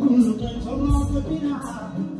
كنت تراك بنا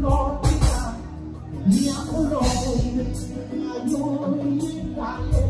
Lord, we are, we are, we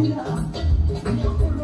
Yeah.